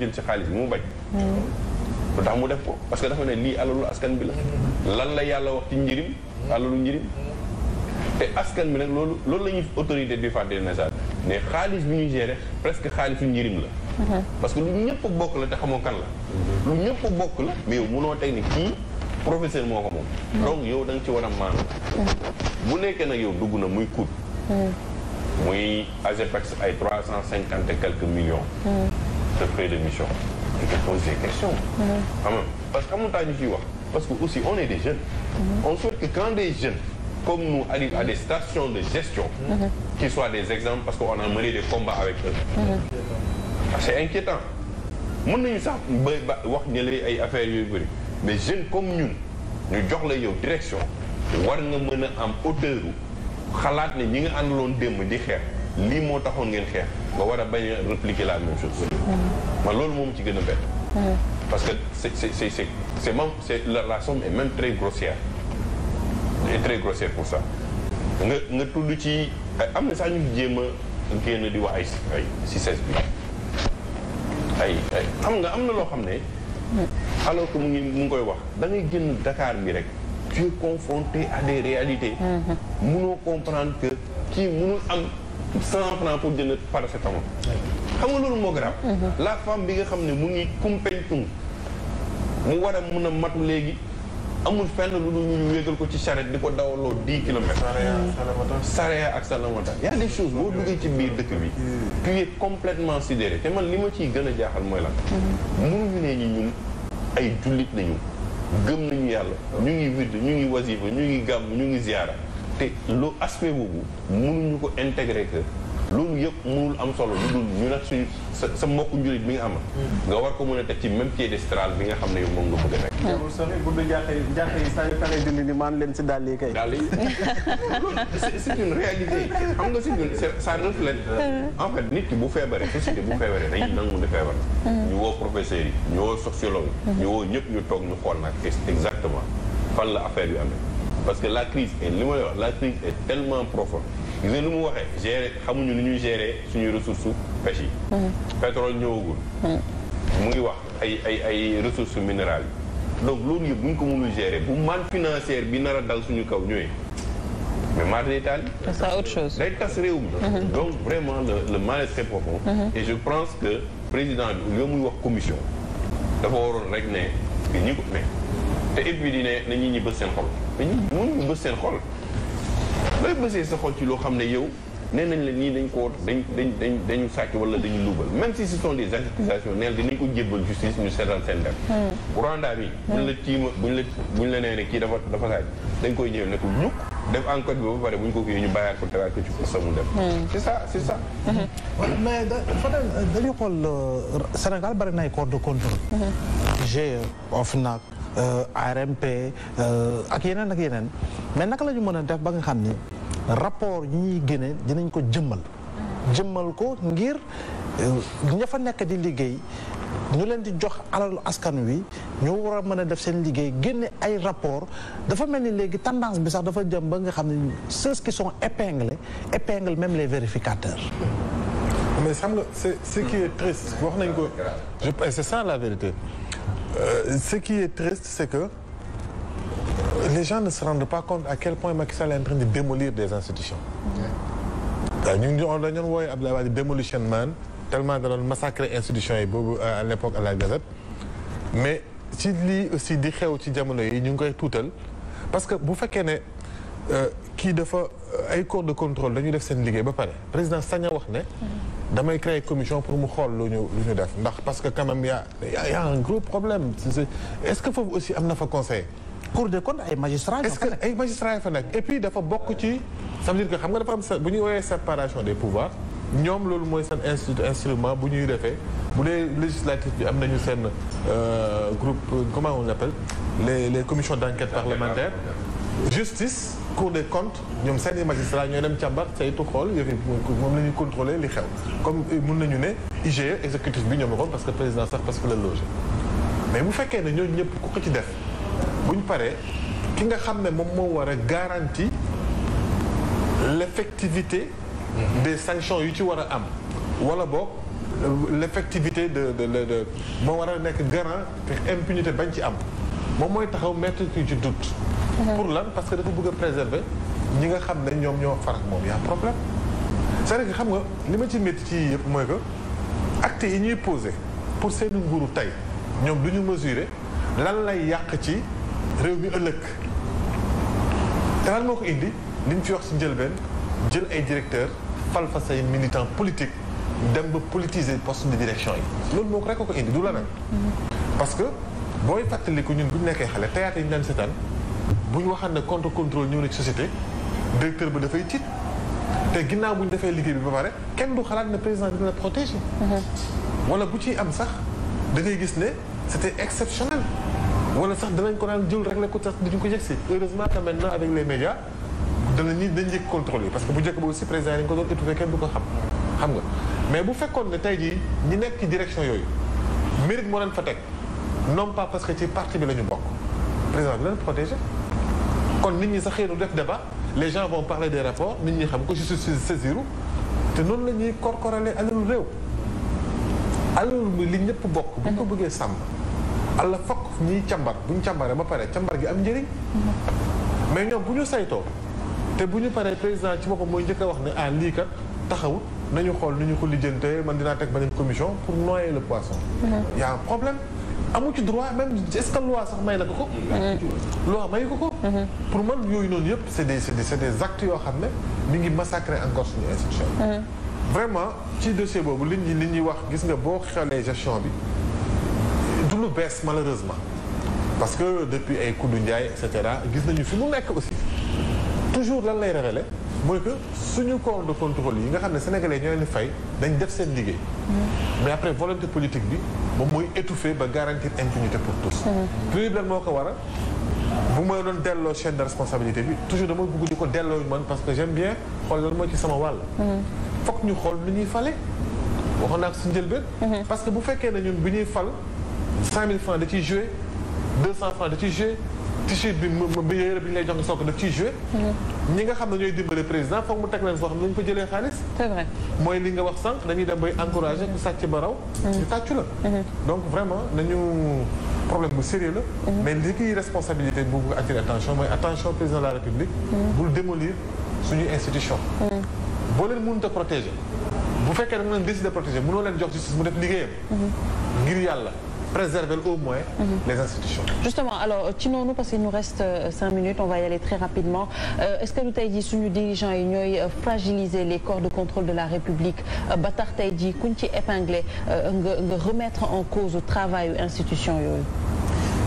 ñu ci xaalis mu bañ. Hmm. lu tax mu def ko parce que dafa ne lii alalu askan bi la. lan la yàlla wax ci njëriñ. alalu njëriñ. te askan bi nag loolu loolu la ñuy autorité di fàtte message mais xaalis bi ñuy gérer presque xaalisu njëriñ la. Hmm. parce que lu ñëpp bokk la te xamoo kan la. Hmm. lu ñëpp bokk la mais yow mënoo teg ni kii professeur moo ko moom. donc yow da ci war a maanu. bu nekkee nag yow dugg na muy kuut. muy AGEPEX ay trois cent cinquante et quelques te fait l'émission tu te poses des parce que amul temps ñu ciy wax parce que aussi on est de jeunes mhm. on souhaite que quand des jeunes comme nous arrivent à des stations de gestion mhm. Mhm. qu'ils soient des exemples parce qu'on a mené des combats avec eux c'est inquiétant mën nañu sax ba wax ne lay ay affaires yooyu bëri mais jeunes comme ñun ñu jox la yow direction war nga mën a am hauteur xalaat ne ñi nga àndaloon démb di xeex lii moo taxoon ngeen xeex nga war a bañ a répliquer la même chose man loolu moom ci gën a bett. parce que c' est c' est c' la la somme est même très grossière est très grossière pour ça. nga nga tudd ci am na sax ñu jéem a génn di wax ay si ses bi ay ay xam nga am na loo xam ne. alors ko mu ngi mu ngi koy wax da ngay génn Dakar bi rek. tu es confronté à des réalités. mënoo comprendre que kii mënul am cent francs pour jënd paracétamol. xam nga loolu moo grave la femme bi nga xam ne mu ngi kumpeñtum mu war a mun a matu léegi amul fenn lu dul ñu wéegal ko ci charrette di ko dawaloo dix kilomètres Saraya hmm. ak Salamata y a des choses boo duggee ci biir dëkk bi hmm. tu es sidéré te man li ma ciy gën a jaaxal mooy la hmm. mënuñu ne ñi ñun ay jullit nañu gëm nañu yàlla ñu ngi widd ñu ngi wasifa ñu ngi gàmm ñu ngi ziyaara te loo aspe boobu mënuñu ko intégrer que loolu yëpp mënul am solo lu dul ñu nag suñu sa sa mbokku njurit bi nga am. nga war ko mën a teg ci même piédestal bi nga xam ne yow moom nga bëgg a nekk. teewul soxna bu dul jaaxle jaaxle yi saa yu taalee dindi ni maan leen si dàll yi kay. dàll yi c'est une réalité xam nga si ñun ça reflète en fait nit ki bu feebaree société bu feebaree dañuy nangu ne feebar. ñu woo professeurs yi ñu woo sociologue yi. ñu woo ñëpp ñu toog ñu xool nag exactement fan la affaire yu amee parce que la crise est li ma la wax la crise est tellement profonde. gis nga nu mu waxee gérer xamuñu lu ñuy gérer suñuy ressources pêche yi. pétrole ñëwagul. mu ngi wax ay ay ay ressources minérales yi. donc loolu yëpp bu ko mënul gérer bu manque financière bi nar a dal suñu kaw ñëwee. mais maar day taal. c'est autre chose day tas réew mi. donc vraiment le le mal est profond. et je pense que président bi muy wax commission. dafa waroon rek ne te et puis di ne na ñi ñi bës seen xol. mais ñi mënuñu seen xol. looy bësee sa xol ci loo xam ne yow nee nañ la nii dañ ko dañ dañ dañ dañu sàcc wala dañu luubal même si ce sont des accusations neel dinañ ko jébbal justice ñu seetal seen def hmm. Rwanda buñ la tiima buñ la buñ nee kii dafa dafa sàcc dañ koy ñëw ne ko ñukk def enquête bi ba pare buñ ko kii ñu bàyyaat ko tegaat ko ci pour samu def hmm. c'est ça c'est ça hmm. mais dafa euh, dañuy xool euh, Sénégal bari na ay corps de contrôle GIE OFNAC euh, ARMP ak yeneen ak yeneen mais naka lañu mën a def ba nga xam ni rapport yi ñuy génne dinañ ko jëmmal jëmmal ko ngir euh, ña fa nekk di liggéey ñu leen di jox alalu askan wi ñu war a mën a def seen liggéey génne ay rapport dafa mel ni léegi tendance bi sax dafa jëm ba nga xam ne ceux qui sont même les vérificateurs mais xam nga c'est ce qui est triste wax nañ ko c'est ça la vérité euh, ce qui est triste c'est que les gens ne se rendent pas compte a quel point Macky Sall est en train de démolir des institutions. ñu ngi doon dañu doon woowee Abdoulaye Wade demolition man tellement da doon massacrer institutions yi boobu euh, à l' époque à la Gazette. mais ci lii aussi di xew ci jamono yi ñu ngi koy tuutal parce que bu fekkee ne euh, kii dafa euh, ay corps de contrôle dañu def seen liggéey ba pare président saña wax ne. Mm-hmm. damay créer commission pour mu xool lu ñu lu ñu def ndax parce que quand même y' a problème est ce que foofu aussi am na fa conseil. cour de comptes ay magistrats est-ce que ay magistrats fa nekk et puis dafa bokk ci ça dire que xam nga dafa am bu ñuy woowee séparation des pouvoirs ñoom loolu mooy seen institut instrument bu ñuy defee bu dee législatif bi am nañu seen euh, groupe euh, comment on appelle les les commissions d'enquête parlementaire justice cour des comptes ñoom seen i magistrats ñooy dem càmbar saytu xool yëf yi moom la ñuy contrôler li xew comme euh, mun nañu ne IGE exécutif bi ñoom la ko parce que président sax parce que la logé mais bu fekkee ne ñooñu ñëpp ku ko ci def bu ñu paree ki nga xam ne moom moo war garanti garantie l'effectivité des sanctions yu ci war a am wala boog l'effectivité de de de moo war a nekk garant te impunité bañ ci am moom mooy taxaw mettre ki ci doute pour lan parce que dafa bugg a préserver ñi nga xam ne ñoom ñoo farak moom yaa problème cest à xam nga li ma ci métti ci yëpp mooy que actes yi ñuy posé pour seen nguuru tey ñoom du ñu mesurer lan lay yàq ci réew mi ëllëg te lan moo ko indi liñ fi wax ci njëlbeen jël ay directeur fal fa say militant politique dem ba politiser post de direction yi loolu moo ko rek ko indi du la nag parce que booy fàttaliku ñun bu ñu nekkee xale théâtre yi ñu daan seetaan bu ñu waxaan ne contre contrôle ñëw na ci société directeur ba dafay tiit te ginnaaw bu ñu defee liggéey bi ba pare kenn du xalaat ne président dina la protéger mhm. wala bu ci am sax da gis ne c'était exceptionnel wala sax danañ ko daan jël réglé ko sax duñ ko yegg si heureusement que maintenant avec les médias dana nit dañ njëkk yi parce que bu njëkk ba aussi président dañ ko doon étudier kenn du ko xam xam nga mais bu fekkoon ne tey jii ñi nekk direction yooyu mérite moo leen fa teg non pas parce que ci parti bi la ñu bokk président bi leen protégé kon nit ñi sax xëy na def débat les gens vont parler des rapports nit ñi xam ko justice saisiru te noonu la ñuy korkorale alalu réew alalu li ñëpp bokk bu ñu ko bëggee sàmm allah fokk ñiy cambar bu ñu càmbaree ba pare cambar gi am njëriñ. mais ñoom bu ñu saytoo te bu ñu paree président ci boppam mooy njëkk wax ni ah lii kat taxawut nañu xool nu ñu ko lijjantee man dinaa teg beneen commission pour noyer le poisson. y problème amu ci droit même est-ce que sax may na ko ko. loi may ko ko. pour man yooyu noonu yëpp c'est des c'est des actes yoo xam ne mi ngi massacrer encore suñu institution. vraiment ci dossier boobu li ñuy li ñuy wax gis nga boo xoolee gestion bi. lu bees que depuis ay Koudou Ndiaye et cetera gis nañu fi mu nekk aussi toujours lan yi xam ne sénégalais ñoo leen fay dañ def seen liggéey. Mm-hmm. mais politique bi moom mooy étouffé ba garantir impunité pour tous. Mm-hmm. plus lan moo ko waral bu ma doon delloo chaîne de responsabilité bi toujours dama bëgg di ko delloo man parce que j'aime bien xool lan moo ci sama wàll. Mm-hmm. foog ñu xool nu ñuy fale waxoon naa ko si njëlbeen. parce que bu fekkee ne ñun bu ñuy fal. cinq mille francs da ciy joué deux cent francs da ciy joué t-shirt bi bi yére bi ñu lay jox nga soog daf ciy joué mhm. ñi nga xam na ñooy dimbale président foog mu teg leen foo xam ne ñu ko jëlee xaalis c'est vrai mooy li nga wax sànq dañuy dem bay encouragé ku sàcc ba raw mhm. ñu tàccu la mhm. donc vraiment nañu problème bu sérieux la mais li kiy responsabilité bu bugg attirer attention mooy attention président de la république bul démolir suñuy institution boo leen mënut a protéger bu fekkee da nga leen décider protéger mënoo leen jox justice mu def liggéeyam ngir yàlla préserver au moins mm -hmm. les institutions justement alors ci euh, noonu parce qu'il nous reste euh, cinq minutes on va y aller très rapidement euh, est-ce que tey jii suñu dirigeants yi ñooy euh, fragiliser les corps de contrôle de la République ba tax tey jii kuñ ci épinglé nga nga remettre en cause travail yu institution yooyu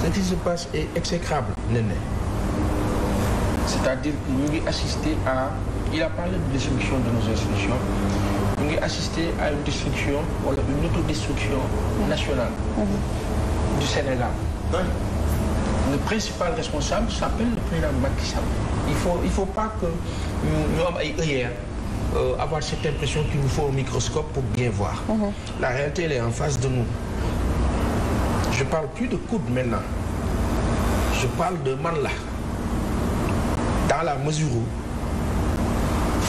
ce qui c'est-à-dire de destruction de nos institutions ñu ngi assister à une destruction wala une autodestruction nationale du Sénégal le principal responsable s'appelle le président Macky Sall il faut il faut pas que ñu am ay œillères euh, avoir cette impression qu'il nous faut un microscope pour bien voir mm -hmm. la réalité elle est en face de nous je parle plus de coude maintenant je parle de man la dans la mesure où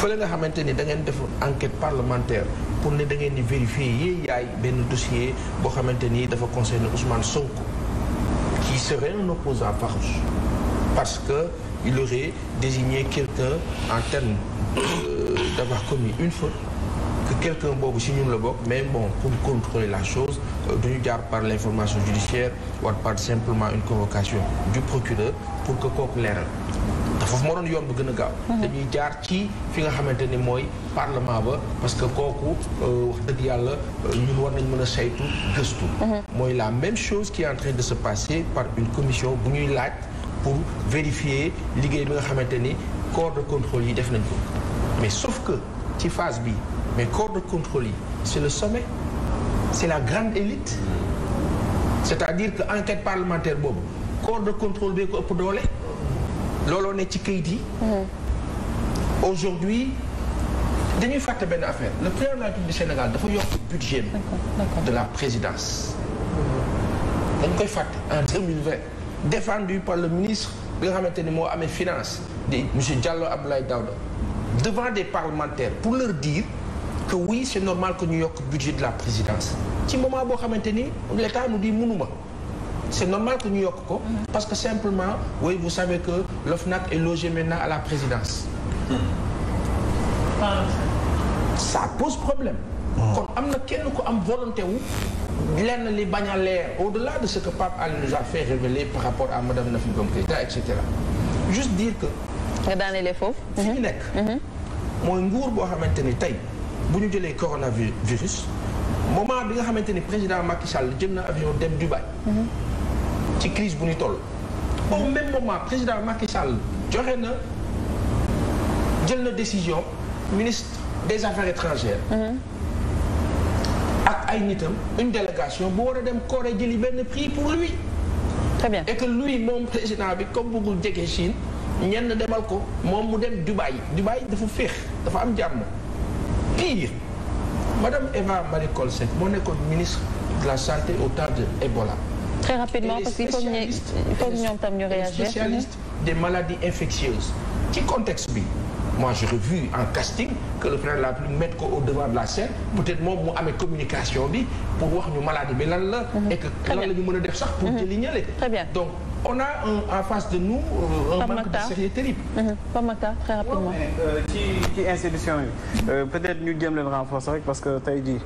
fële nga xamante ni da ngeen def enquête parlementaire pour ne da ngeen di vérifier yéen yaay benn dossier boo xamante ni dafa concerner Ousmane Sonko qui serait un opposant farouche parce que il aurait désigné quelqu'un en termes euh, d'avoir commis une faute que quelqu'un boobu si ñun la bokk mais bon pour contrôler la chose euh, duñu jaar par l'information judiciaire wala part simplement une convocation du procureur pour que kooku leeral te foofu moo doon yoon bu gën a gaaw. Mhm. dañuy jaar ci fi nga xamante ni mooy parlement ba parce que kooku euh, wax dëgg yàlla euh, ñun war nañ mën a saytu gëstu. Mhm. mooy la même chose qui est en train de se passer par une commission bu ñuy laaj pour vérifier liggéey bi nga xamante ni corps de contrôle yi def nañ ko mais sauf que ci phase bi mais corps de contrôle yi c'est le sommet c'est la grande élite mhm. c'est-à-dire que enquête parlementaire boobu corps de contrôle bee ko ëpp doole. looloo ne ci kayit yi. Mhm. aujourd'hui dañuy fàtte benn affaire le président de la Sénégal dafa yokk budget de la présidence. dañ koy fàtte en 2020 défendu par le ministre bi nga xamante ni moo amee finance di monsieur Diallo Abdoulaye Daouda devant des parlementaires pour leur dire que oui c'est normal que ñu yokk budget de la présidence ci moment boo xamante ni l'état nous di mënuma c'est normal que ñu yokk ko parce que simplement oui vous savez que l'OFNAC est logé maintenant à la présidence ça pose problème ah. kon am na kenn ku am volonté wu lenn li bañ a leer au-delà de ce que Pape Alé nous a fait révéler par rapport à madame Nafi Ngom Keïta et cetera juste dire que nga daanelee foofu fi ñu mhm. nekk mhm. mooy nguur boo xamante ni tey bu ñu jëlee coronavirus moment bi nga xamante ni président Macky Sall jëm na avion dem Dubaï mhm. ci crise bu ñu toll. au même moment président Macky joxe na jël na décision ministre des affaires étrangères. ak ay nitam une délégation bu war a dem Corée jëli benn prix pour lui. très bien et que lui moom président bi comme bëggul jege Chine ñenn demal ko moom mu dem Dubaï Dubaï dafa féex dafa am jàmm. pire madame Eva Marie Coll moo nekkoon ministre de la santé au temps de Ebola. très rapidement parce qu'il faut que ñoom tam ñu réagir des maladies infectieuses ci contexte bi moi j'ai revu en casting que le président la République mettre ko au devant de la scène peut-être moom mu amee communication bi pour wax ñu maladie bi lan la mhm. et que lan la ñu mën a def sax pour jëli mhm. ñale donc on a un en face de nous. Euh, un manque de sérieux terrible. Mhm. Pape Makhtar très rapidement. Euh, ci ci institution yi euh, peut-être ñu jéem leen renforcer rek parce que tey jii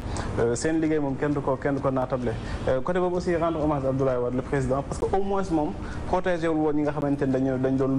seen liggéey kenn du ko kenn du côté boobu aussi rendre hommage Abdoulaye Wade le président parce que au moins moom protégé wul woon nga xamante ne dañu dañ doon.